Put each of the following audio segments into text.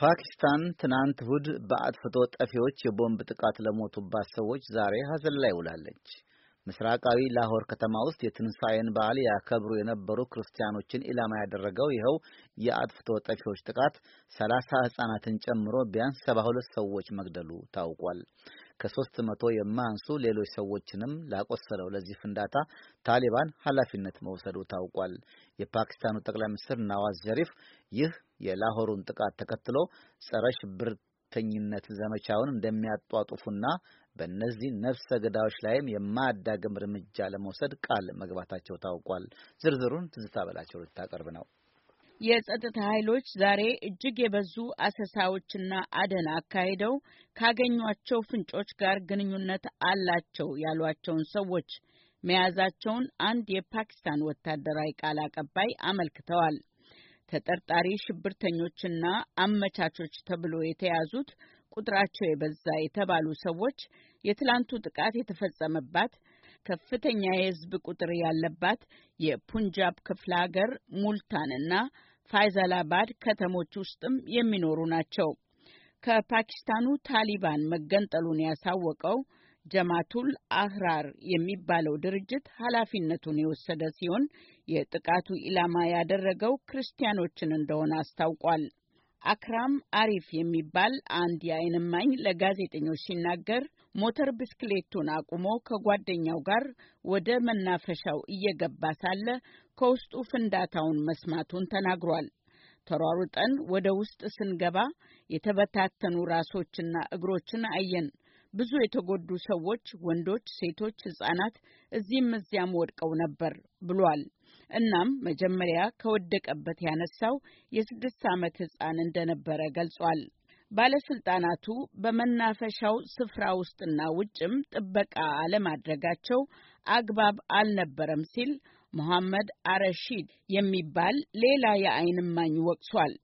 ፓኪስታን ትናንት እሁድ በአጥፍቶ ጠፊዎች የቦምብ ጥቃት ለሞቱባት ሰዎች ዛሬ ሐዘን ላይ ውላለች። ምስራቃዊ ላሆር ከተማ ውስጥ የትንሣኤን በዓል ያከብሩ የነበሩ ክርስቲያኖችን ኢላማ ያደረገው ይኸው የአጥፍቶ ጠፊዎች ጥቃት ሰላሳ ሕፃናትን ጨምሮ ቢያንስ ሰባ ሁለት ሰዎች መግደሉ ታውቋል። ከሶስት መቶ የማያንሱ ሌሎች ሰዎችንም ላቆሰለው ለዚህ ፍንዳታ ታሊባን ኃላፊነት መውሰዱ ታውቋል። የፓኪስታኑ ጠቅላይ ሚኒስትር ናዋዝ ሸሪፍ ይህ የላሆሩን ጥቃት ተከትሎ ጸረ ሽብርተኝነት ዘመቻውን እንደሚያጧጡፉና በእነዚህ ነፍሰ ገዳዮች ላይም የማያዳግም እርምጃ ለመውሰድ ቃል መግባታቸው ታውቋል። ዝርዝሩን ትዝታ በላቸው ልታቀርብ ነው። የጸጥታ ኃይሎች ዛሬ እጅግ የበዙ አሰሳዎችና አደን አካሂደው ካገኟቸው ፍንጮች ጋር ግንኙነት አላቸው ያሏቸውን ሰዎች መያዛቸውን አንድ የፓኪስታን ወታደራዊ ቃል አቀባይ አመልክተዋል። ተጠርጣሪ ሽብርተኞችና አመቻቾች ተብሎ የተያዙት ቁጥራቸው የበዛ የተባሉ ሰዎች የትላንቱ ጥቃት የተፈጸመባት ከፍተኛ የህዝብ ቁጥር ያለባት የፑንጃብ ክፍለ ሀገር ሙልታንና ፋይዛላባድ ከተሞች ውስጥም የሚኖሩ ናቸው። ከፓኪስታኑ ታሊባን መገንጠሉን ያሳወቀው ጀማቱል አህራር የሚባለው ድርጅት ኃላፊነቱን የወሰደ ሲሆን የጥቃቱ ኢላማ ያደረገው ክርስቲያኖችን እንደሆነ አስታውቋል። አክራም አሪፍ የሚባል አንድ የአይን እማኝ ለጋዜጠኞች ሲናገር ሞተር ብስክሌቱን አቁሞ ከጓደኛው ጋር ወደ መናፈሻው እየገባ ሳለ ከውስጡ ፍንዳታውን መስማቱን ተናግሯል። ተሯሩጠን ወደ ውስጥ ስንገባ የተበታተኑ ራሶችና እግሮችን አየን። ብዙ የተጎዱ ሰዎች፣ ወንዶች፣ ሴቶች፣ ሕፃናት እዚህም እዚያም ወድቀው ነበር ብሏል። እናም መጀመሪያ ከወደቀበት ያነሳው የስድስት ዓመት ሕፃን እንደነበረ ገልጿል። ባለስልጣናቱ በመናፈሻው ስፍራ ውስጥና ውጭም ጥበቃ አለማድረጋቸው አግባብ አልነበረም ሲል መሐመድ አረሺድ የሚባል ሌላ የአይን እማኝ ወቅሷል።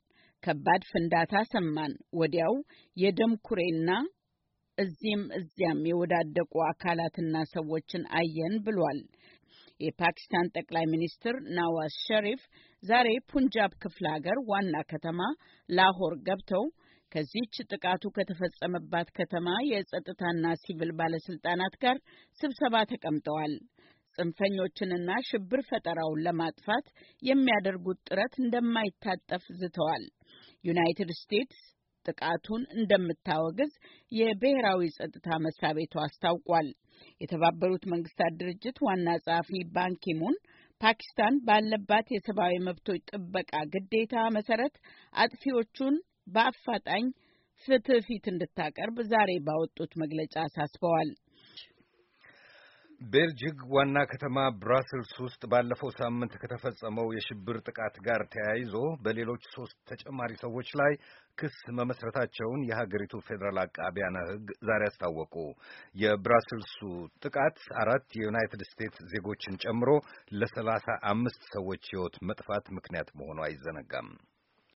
ከባድ ፍንዳታ ሰማን። ወዲያው የደም ኩሬና እዚህም እዚያም የወዳደቁ አካላትና ሰዎችን አየን ብሏል። የፓኪስታን ጠቅላይ ሚኒስትር ናዋዝ ሸሪፍ ዛሬ ፑንጃብ ክፍለ ሀገር ዋና ከተማ ላሆር ገብተው ከዚህች ጥቃቱ ከተፈጸመባት ከተማ የጸጥታና ሲቪል ባለስልጣናት ጋር ስብሰባ ተቀምጠዋል። ጽንፈኞችንና ሽብር ፈጠራውን ለማጥፋት የሚያደርጉት ጥረት እንደማይታጠፍ ዝተዋል። ዩናይትድ ስቴትስ ጥቃቱን እንደምታወግዝ የብሔራዊ ጸጥታ መስሪያ ቤቱ አስታውቋል። የተባበሩት መንግስታት ድርጅት ዋና ጸሐፊ ባንኪሙን ፓኪስታን ባለባት የሰብአዊ መብቶች ጥበቃ ግዴታ መሰረት አጥፊዎቹን በአፋጣኝ ፍትህ ፊት እንድታቀርብ ዛሬ ባወጡት መግለጫ አሳስበዋል። ቤልጅግ ዋና ከተማ ብራስልስ ውስጥ ባለፈው ሳምንት ከተፈጸመው የሽብር ጥቃት ጋር ተያይዞ በሌሎች ሶስት ተጨማሪ ሰዎች ላይ ክስ መመስረታቸውን የሀገሪቱ ፌዴራል አቃቢያነ ሕግ ዛሬ አስታወቁ። የብራስልሱ ጥቃት አራት የዩናይትድ ስቴትስ ዜጎችን ጨምሮ ለሰላሳ አምስት ሰዎች ሕይወት መጥፋት ምክንያት መሆኑ አይዘነጋም።